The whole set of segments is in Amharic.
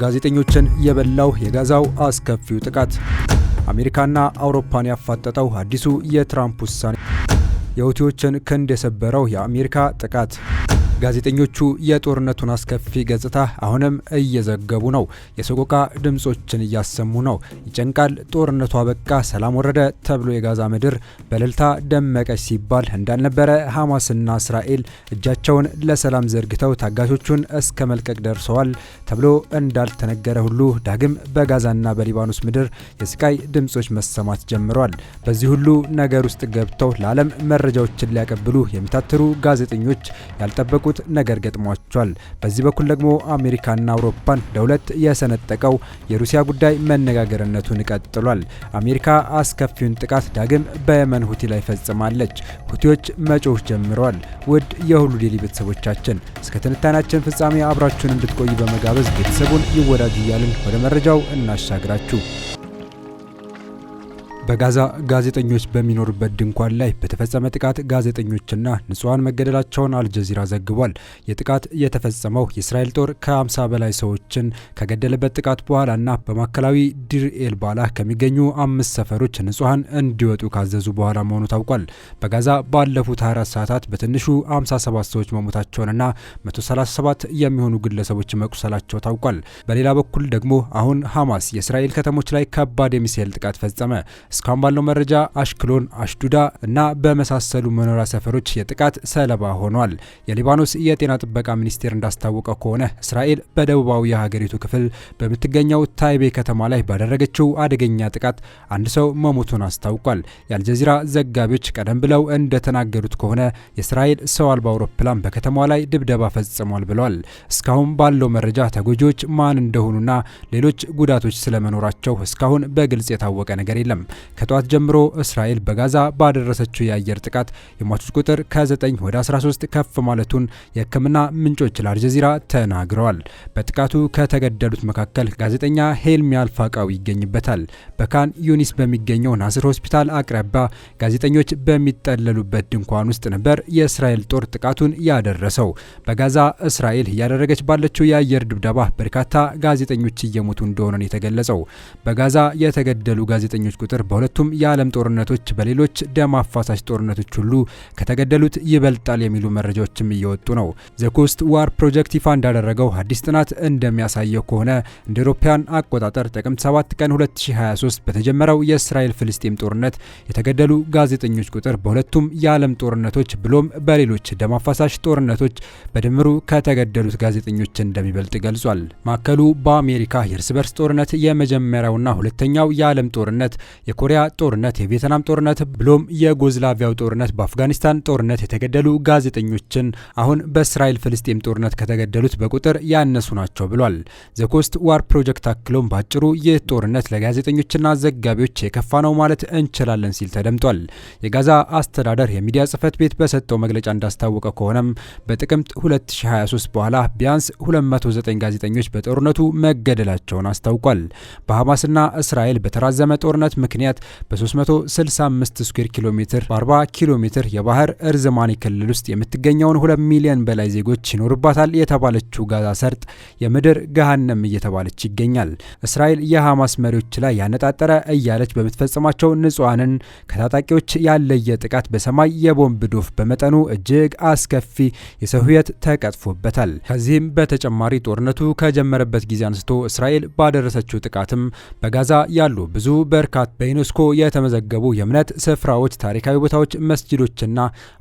ጋዜጠኞችን የበላው የጋዛው አስከፊው ጥቃት፣ አሜሪካና አውሮፓን ያፋጠጠው አዲሱ የትራምፕ ውሳኔ፣ የሁቲዎችን ክንድ የሰበረው የአሜሪካ ጥቃት ጋዜጠኞቹ የጦርነቱን አስከፊ ገጽታ አሁንም እየዘገቡ ነው። የሰቆቃ ድምጾችን እያሰሙ ነው። ይጨንቃል። ጦርነቱ አበቃ፣ ሰላም ወረደ ተብሎ የጋዛ ምድር በልልታ ደመቀች ሲባል እንዳልነበረ ሐማስና እስራኤል እጃቸውን ለሰላም ዘርግተው ታጋቾቹን እስከ መልቀቅ ደርሰዋል ተብሎ እንዳልተነገረ ሁሉ ዳግም በጋዛና በሊባኖስ ምድር የስቃይ ድምጾች መሰማት ጀምረዋል። በዚህ ሁሉ ነገር ውስጥ ገብተው ለዓለም መረጃዎችን ሊያቀብሉ የሚታትሩ ጋዜጠኞች ያልጠበቁት የጠበቁት ነገር ገጥሟቸዋል። በዚህ በኩል ደግሞ አሜሪካና አውሮፓን ለሁለት የሰነጠቀው የሩሲያ ጉዳይ መነጋገርነቱን ቀጥሏል። አሜሪካ አስከፊውን ጥቃት ዳግም በየመን ሁቲ ላይ ፈጽማለች። ሁቲዎች መጮህ ጀምረዋል። ውድ የሁሉ ዴይሊ ቤተሰቦቻችን እስከ ትንታኔያችን ፍጻሜ አብራችሁን እንድትቆዩ በመጋበዝ ቤተሰቡን ይወዳጁ እያልን ወደ መረጃው እናሻግራችሁ። በጋዛ ጋዜጠኞች በሚኖሩበት ድንኳን ላይ በተፈጸመ ጥቃት ጋዜጠኞችና ንጹሐን መገደላቸውን አልጀዚራ ዘግቧል። የጥቃት የተፈጸመው የእስራኤል ጦር ከ50 በላይ ሰዎችን ከገደለበት ጥቃት በኋላና በማዕከላዊ ዲር ኤል ባላ ከሚገኙ አምስት ሰፈሮች ንጹሐን እንዲወጡ ካዘዙ በኋላ መሆኑ ታውቋል። በጋዛ ባለፉት 24 ሰዓታት በትንሹ 57 ሰዎች መሞታቸውንና 137 የሚሆኑ ግለሰቦች መቁሰላቸው ታውቋል። በሌላ በኩል ደግሞ አሁን ሐማስ የእስራኤል ከተሞች ላይ ከባድ የሚሳኤል ጥቃት ፈጸመ። እስካሁን ባለው መረጃ አሽክሎን፣ አሽዱዳ እና በመሳሰሉ መኖሪያ ሰፈሮች የጥቃት ሰለባ ሆኗል። የሊባኖስ የጤና ጥበቃ ሚኒስቴር እንዳስታወቀው ከሆነ እስራኤል በደቡባዊ የሀገሪቱ ክፍል በምትገኘው ታይቤ ከተማ ላይ ባደረገችው አደገኛ ጥቃት አንድ ሰው መሞቱን አስታውቋል። የአልጀዚራ ዘጋቢዎች ቀደም ብለው እንደተናገሩት ከሆነ የእስራኤል ሰው አልባ አውሮፕላን በከተማዋ ላይ ድብደባ ፈጽሟል ብለዋል። እስካሁን ባለው መረጃ ተጎጂዎች ማን እንደሆኑና ሌሎች ጉዳቶች ስለመኖራቸው እስካሁን በግልጽ የታወቀ ነገር የለም። ከጠዋት ጀምሮ እስራኤል በጋዛ ባደረሰችው የአየር ጥቃት የሟቾች ቁጥር ከ9 ወደ 13 ከፍ ማለቱን የሕክምና ምንጮች ለአልጀዚራ ተናግረዋል። በጥቃቱ ከተገደሉት መካከል ጋዜጠኛ ሄልሚ አልፋቃዊ ይገኝበታል። በካን ዩኒስ በሚገኘው ናስር ሆስፒታል አቅራቢያ ጋዜጠኞች በሚጠለሉበት ድንኳን ውስጥ ነበር የእስራኤል ጦር ጥቃቱን ያደረሰው። በጋዛ እስራኤል እያደረገች ባለችው የአየር ድብደባ በርካታ ጋዜጠኞች እየሞቱ እንደሆነ ነው የተገለጸው። በጋዛ የተገደሉ ጋዜጠኞች ቁጥር በሁለቱም የዓለም ጦርነቶች በሌሎች ደም አፋሳሽ ጦርነቶች ሁሉ ከተገደሉት ይበልጣል የሚሉ መረጃዎችም እየወጡ ነው። ዘኮስት ዋር ፕሮጀክት ይፋ እንዳደረገው አዲስ ጥናት እንደሚያሳየው ከሆነ እንደ አውሮፓውያን አቆጣጠር ጥቅምት 7 ቀን 2023 በተጀመረው የእስራኤል ፍልስጤም ጦርነት የተገደሉ ጋዜጠኞች ቁጥር በሁለቱም የዓለም ጦርነቶች ብሎም በሌሎች ደም አፋሳሽ ጦርነቶች በድምሩ ከተገደሉት ጋዜጠኞች እንደሚበልጥ ገልጿል። ማዕከሉ በአሜሪካ የእርስ በርስ ጦርነት የመጀመሪያውና ሁለተኛው የዓለም ጦርነት ኮሪያ ጦርነት፣ የቪየትናም ጦርነት ብሎም የዩጎዝላቪያው ጦርነት፣ በአፍጋኒስታን ጦርነት የተገደሉ ጋዜጠኞችን አሁን በእስራኤል ፍልስጤም ጦርነት ከተገደሉት በቁጥር ያነሱ ናቸው ብሏል። ዘኮስት ዋር ፕሮጀክት አክሎም ባጭሩ ይህ ጦርነት ለጋዜጠኞችና ዘጋቢዎች የከፋ ነው ማለት እንችላለን ሲል ተደምጧል። የጋዛ አስተዳደር የሚዲያ ጽህፈት ቤት በሰጠው መግለጫ እንዳስታወቀ ከሆነም በጥቅምት 2023 በኋላ ቢያንስ 209 ጋዜጠኞች በጦርነቱ መገደላቸውን አስታውቋል። በሐማስና እስራኤል በተራዘመ ጦርነት ምክንያት ምክንያት በ365 ስኩዌር ኪሎ ሜትር በ40 ኪሎ ሜትር የባህር እርዝማኔ ክልል ውስጥ የምትገኘውን 2 ሚሊዮን በላይ ዜጎች ይኖሩባታል የተባለችው ጋዛ ሰርጥ የምድር ገሃነም እየተባለች ይገኛል። እስራኤል የሐማስ መሪዎች ላይ ያነጣጠረ እያለች በምትፈጽማቸው ንጹሐንን ከታጣቂዎች ያለየ ጥቃት በሰማይ የቦምብ ዶፍ በመጠኑ እጅግ አስከፊ የሰው ሕይወት ተቀጥፎበታል። ከዚህም በተጨማሪ ጦርነቱ ከጀመረበት ጊዜ አንስቶ እስራኤል ባደረሰችው ጥቃትም በጋዛ ያሉ ብዙ በርካታ በይኖ በዩኔስኮ የተመዘገቡ የእምነት ስፍራዎች፣ ታሪካዊ ቦታዎች፣ መስጅዶችና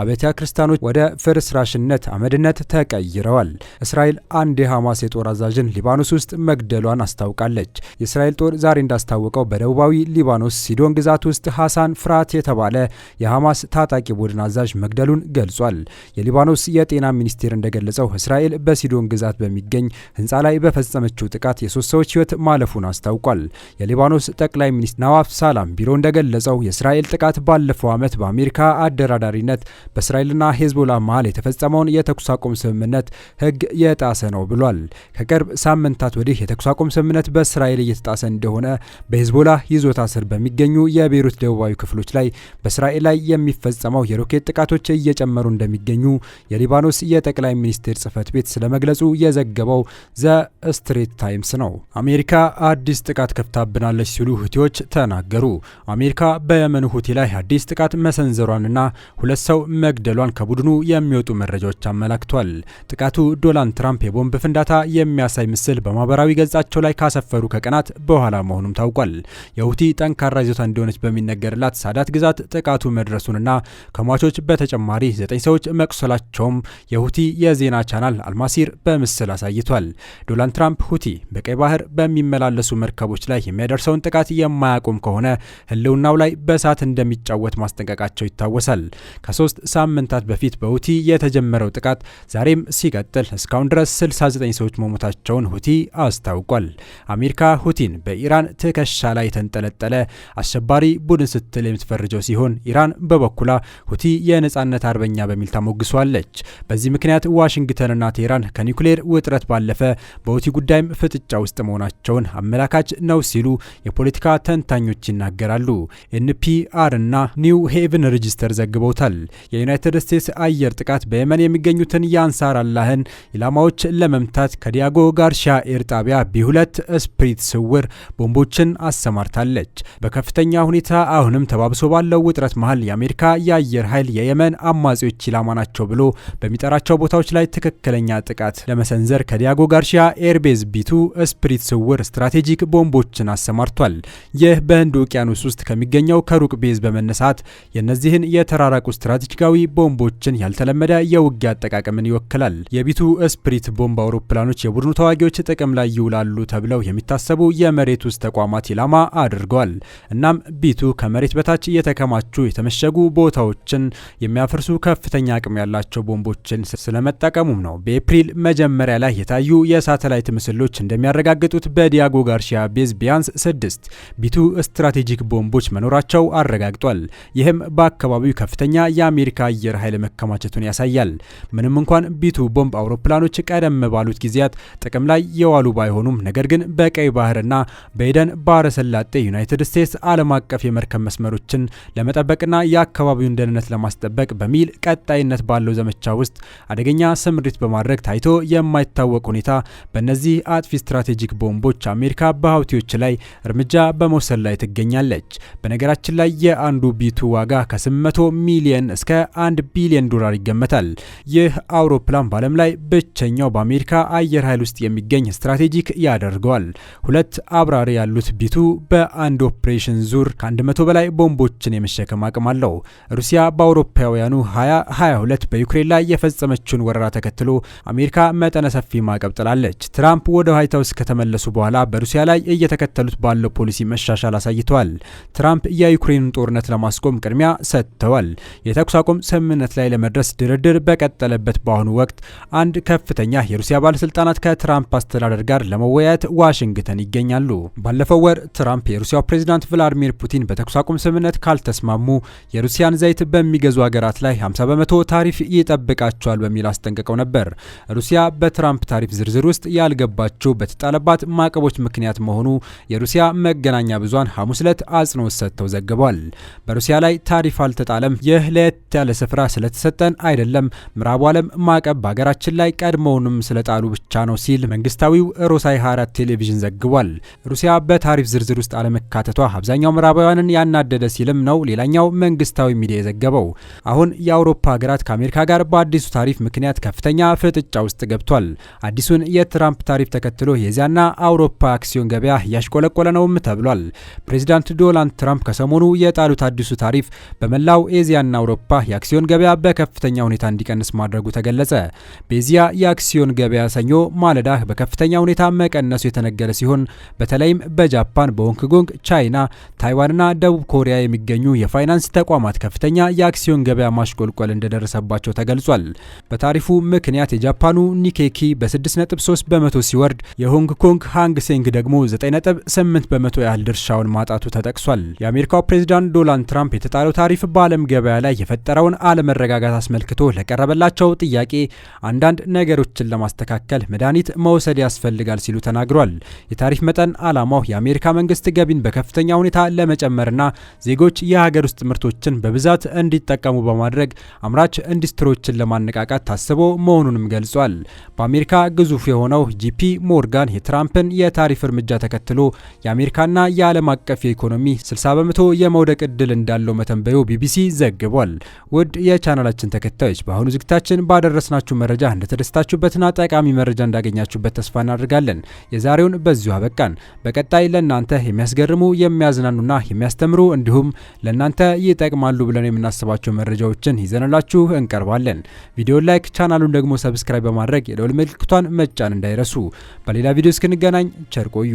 አብያተ ክርስቲያኖች ወደ ፍርስራሽነት አመድነት ተቀይረዋል። እስራኤል አንድ የሐማስ የጦር አዛዥን ሊባኖስ ውስጥ መግደሏን አስታውቃለች። የእስራኤል ጦር ዛሬ እንዳስታወቀው በደቡባዊ ሊባኖስ ሲዶን ግዛት ውስጥ ሐሳን ፍርሃት የተባለ የሐማስ ታጣቂ ቡድን አዛዥ መግደሉን ገልጿል። የሊባኖስ የጤና ሚኒስቴር እንደገለጸው እስራኤል በሲዶን ግዛት በሚገኝ ህንፃ ላይ በፈጸመችው ጥቃት የሶስት ሰዎች ህይወት ማለፉን አስታውቋል። የሊባኖስ ጠቅላይ ሚኒስትር ናዋፍ ሳላ ሰላም ቢሮ እንደገለጸው የእስራኤል ጥቃት ባለፈው ዓመት በአሜሪካ አደራዳሪነት በእስራኤልና ሄዝቦላ መሃል የተፈጸመውን የተኩስ አቁም ስምምነት ሕግ የጣሰ ነው ብሏል። ከቅርብ ሳምንታት ወዲህ የተኩስ አቁም ስምምነት በእስራኤል እየተጣሰ እንደሆነ በሄዝቦላ ይዞታ ስር በሚገኙ የቤይሩት ደቡባዊ ክፍሎች ላይ በእስራኤል ላይ የሚፈጸመው የሮኬት ጥቃቶች እየጨመሩ እንደሚገኙ የሊባኖስ የጠቅላይ ሚኒስቴር ጽህፈት ቤት ስለመግለጹ የዘገበው ዘ ስትሬት ታይምስ ነው። አሜሪካ አዲስ ጥቃት ከፍታብናለች ሲሉ ሁቲዎች ተናገሩ። አሜሪካ በየመኑ ሁቲ ላይ አዲስ ጥቃት መሰንዘሯንና ሁለት ሰው መግደሏን ከቡድኑ የሚወጡ መረጃዎች አመላክቷል። ጥቃቱ ዶናልድ ትራምፕ የቦምብ ፍንዳታ የሚያሳይ ምስል በማህበራዊ ገጻቸው ላይ ካሰፈሩ ከቀናት በኋላ መሆኑም ታውቋል። የሁቲ ጠንካራ ይዞታ እንደሆነች በሚነገርላት ሳዳት ግዛት ጥቃቱ መድረሱንና ከሟቾች በተጨማሪ ዘጠኝ ሰዎች መቁሰላቸውም የሁቲ የዜና ቻናል አልማሲር በምስል አሳይቷል። ዶናልድ ትራምፕ ሁቲ በቀይ ባህር በሚመላለሱ መርከቦች ላይ የሚያደርሰውን ጥቃት የማያቆም ከሆነ ህልውናው ላይ በእሳት እንደሚጫወት ማስጠንቀቃቸው ይታወሳል። ከሶስት ሳምንታት በፊት በሁቲ የተጀመረው ጥቃት ዛሬም ሲቀጥል እስካሁን ድረስ 69 ሰዎች መሞታቸውን ሁቲ አስታውቋል። አሜሪካ ሁቲን በኢራን ትከሻ ላይ የተንጠለጠለ አሸባሪ ቡድን ስትል የምትፈርጀው ሲሆን ኢራን በበኩላ ሁቲ የነጻነት አርበኛ በሚል ታሞግሷለች። በዚህ ምክንያት ዋሽንግተንና ቴህራን ከኒውክሌር ውጥረት ባለፈ በሁቲ ጉዳይም ፍጥጫ ውስጥ መሆናቸውን አመላካች ነው ሲሉ የፖለቲካ ተንታኞችና ይናገራሉ። ኤንፒአር እና ኒው ሄቭን ሬጅስተር ዘግበውታል። የዩናይትድ ስቴትስ አየር ጥቃት በየመን የሚገኙትን የአንሳር አላህን ኢላማዎች ለመምታት ከዲያጎ ጋርሺያ ኤር ጣቢያ ቢ2 ስፕሪት ስውር ቦምቦችን አሰማርታለች። በከፍተኛ ሁኔታ አሁንም ተባብሶ ባለው ውጥረት መሀል የአሜሪካ የአየር ኃይል የየመን አማጺዎች ኢላማ ናቸው ብሎ በሚጠራቸው ቦታዎች ላይ ትክክለኛ ጥቃት ለመሰንዘር ከዲያጎ ጋርሺያ ኤርቤዝ ቢቱ ስፕሪት ስውር ስትራቴጂክ ቦምቦችን አሰማርቷል። ይህ በህንድ ውቅያኖስ ውስጥ ከሚገኘው ከሩቅ ቤዝ በመነሳት የእነዚህን የተራራቁ ስትራቴጂካዊ ቦምቦችን ያልተለመደ የውጊያ አጠቃቀምን ይወክላል። የቢቱ ስፕሪት ቦምብ አውሮፕላኖች የቡድኑ ተዋጊዎች ጥቅም ላይ ይውላሉ ተብለው የሚታሰቡ የመሬት ውስጥ ተቋማት ኢላማ አድርገዋል። እናም ቢቱ ከመሬት በታች እየተከማቹ የተመሸጉ ቦታዎችን የሚያፈርሱ ከፍተኛ አቅም ያላቸው ቦምቦችን ስለመጠቀሙም ነው። በኤፕሪል መጀመሪያ ላይ የታዩ የሳተላይት ምስሎች እንደሚያረጋግጡት በዲያጎ ጋርሺያ ቤዝ ቢያንስ ስድስት ቢቱ ስትራቴጂ ስትራቴጂክ ቦምቦች መኖራቸው አረጋግጧል። ይህም በአካባቢው ከፍተኛ የአሜሪካ አየር ኃይል መከማቸቱን ያሳያል። ምንም እንኳን ቢቱ ቦምብ አውሮፕላኖች ቀደም ባሉት ጊዜያት ጥቅም ላይ የዋሉ ባይሆኑም ነገር ግን በቀይ ባህርና በኤደን ባህረ ሰላጤ ዩናይትድ ስቴትስ ዓለም አቀፍ የመርከብ መስመሮችን ለመጠበቅና የአካባቢውን ደህንነት ለማስጠበቅ በሚል ቀጣይነት ባለው ዘመቻ ውስጥ አደገኛ ስምሪት በማድረግ ታይቶ የማይታወቅ ሁኔታ በእነዚህ አጥፊ ስትራቴጂክ ቦምቦች አሜሪካ በሀውቲዎች ላይ እርምጃ በመውሰድ ላይ ትገኛል። ትገኛለች። በነገራችን ላይ የአንዱ ቢቱ ዋጋ ከ800 ሚሊየን እስከ 1 ቢሊየን ዶላር ይገመታል። ይህ አውሮፕላን በዓለም ላይ ብቸኛው በአሜሪካ አየር ኃይል ውስጥ የሚገኝ ስትራቴጂክ ያደርገዋል። ሁለት አብራሪ ያሉት ቢቱ በአንድ ኦፕሬሽን ዙር ከ100 በላይ ቦምቦችን የመሸከም አቅም አለው። ሩሲያ በአውሮፓውያኑ 2022 በዩክሬን ላይ የፈጸመችውን ወረራ ተከትሎ አሜሪካ መጠነ ሰፊ ማዕቀብ ጥላለች። ትራምፕ ወደ ዋይት ሀውስ ከተመለሱ በኋላ በሩሲያ ላይ እየተከተሉት ባለው ፖሊሲ መሻሻል አሳይተዋል። ተናግረዋል። ትራምፕ የዩክሬንን ጦርነት ለማስቆም ቅድሚያ ሰጥተዋል። የተኩስ አቁም ስምምነት ላይ ለመድረስ ድርድር በቀጠለበት በአሁኑ ወቅት አንድ ከፍተኛ የሩሲያ ባለስልጣናት ከትራምፕ አስተዳደር ጋር ለመወያየት ዋሽንግተን ይገኛሉ። ባለፈው ወር ትራምፕ የሩሲያው ፕሬዚዳንት ቭላዲሚር ፑቲን በተኩስ አቁም ስምምነት ካልተስማሙ የሩሲያን ዘይት በሚገዙ ሀገራት ላይ 50 በመቶ ታሪፍ ይጠብቃቸዋል በሚል አስጠንቅቀው ነበር። ሩሲያ በትራምፕ ታሪፍ ዝርዝር ውስጥ ያልገባቸው በተጣለባት ማዕቀቦች ምክንያት መሆኑ የሩሲያ መገናኛ ብዙሃን ሐሙስ እንደሚመለከት አጽንኦት ሰጥተው ዘግቧል። በሩሲያ ላይ ታሪፍ አልተጣለም። ይህ ለየት ያለ ስፍራ ስለተሰጠን አይደለም፣ ምዕራቡ ዓለም ማዕቀብ በሀገራችን ላይ ቀድሞውንም ስለጣሉ ብቻ ነው ሲል መንግስታዊው ሮሳይ 24 ቴሌቪዥን ዘግቧል። ሩሲያ በታሪፍ ዝርዝር ውስጥ አለመካተቷ አብዛኛው ምዕራባውያንን ያናደደ ሲልም ነው ሌላኛው መንግስታዊ ሚዲያ የዘገበው። አሁን የአውሮፓ ሀገራት ከአሜሪካ ጋር በአዲሱ ታሪፍ ምክንያት ከፍተኛ ፍጥጫ ውስጥ ገብቷል። አዲሱን የትራምፕ ታሪፍ ተከትሎ የዚያና አውሮፓ አክሲዮን ገበያ እያሽቆለቆለ ነውም ተብሏል። ፕሬዚዳንት ፕሬዚዳንት ዶናልድ ትራምፕ ከሰሞኑ የጣሉት አዲሱ ታሪፍ በመላው ኤዚያና አውሮፓ የአክሲዮን ገበያ በከፍተኛ ሁኔታ እንዲቀንስ ማድረጉ ተገለጸ። በኤዚያ የአክሲዮን ገበያ ሰኞ ማለዳ በከፍተኛ ሁኔታ መቀነሱ የተነገረ ሲሆን በተለይም በጃፓን፣ በሆንግ ኮንግ፣ ቻይና፣ ታይዋንና ደቡብ ኮሪያ የሚገኙ የፋይናንስ ተቋማት ከፍተኛ የአክሲዮን ገበያ ማሽቆልቆል እንደደረሰባቸው ተገልጿል። በታሪፉ ምክንያት የጃፓኑ ኒኬኪ በ6.3 በመቶ ሲወርድ የሆንግ ኮንግ ሃንግ ሴንግ ደግሞ 9.8 በመቶ ያህል ድርሻውን ማጣቱ ተጠቅሷል። የአሜሪካው ፕሬዚዳንት ዶናልድ ትራምፕ የተጣለው ታሪፍ በዓለም ገበያ ላይ የፈጠረውን አለመረጋጋት አስመልክቶ ለቀረበላቸው ጥያቄ አንዳንድ ነገሮችን ለማስተካከል መድኃኒት መውሰድ ያስፈልጋል ሲሉ ተናግሯል። የታሪፍ መጠን ዓላማው የአሜሪካ መንግስት ገቢን በከፍተኛ ሁኔታ ለመጨመርና ዜጎች የሀገር ውስጥ ምርቶችን በብዛት እንዲጠቀሙ በማድረግ አምራች ኢንዱስትሪዎችን ለማነቃቃት ታስቦ መሆኑንም ገልጿል። በአሜሪካ ግዙፍ የሆነው ጂፒ ሞርጋን የትራምፕን የታሪፍ እርምጃ ተከትሎ የአሜሪካና የዓለም አቀፍ ኢኮኖሚ 60 በመቶ የመውደቅ እድል እንዳለው መተንበዩ ቢቢሲ ዘግቧል። ውድ የቻናላችን ተከታዮች በአሁኑ ዝግታችን ባደረስናችሁ መረጃ እንደተደስታችሁበትና ጠቃሚ መረጃ እንዳገኛችሁበት ተስፋ እናደርጋለን። የዛሬውን በዚሁ አበቃን። በቀጣይ ለእናንተ የሚያስገርሙ የሚያዝናኑና የሚያስተምሩ እንዲሁም ለእናንተ ይጠቅማሉ ብለን የምናስባቸው መረጃዎችን ይዘንላችሁ እንቀርባለን። ቪዲዮ ላይክ፣ ቻናሉን ደግሞ ሰብስክራይብ በማድረግ የደወል ምልክቷን መጫን እንዳይረሱ። በሌላ ቪዲዮ እስክንገናኝ ቸር ቆዩ።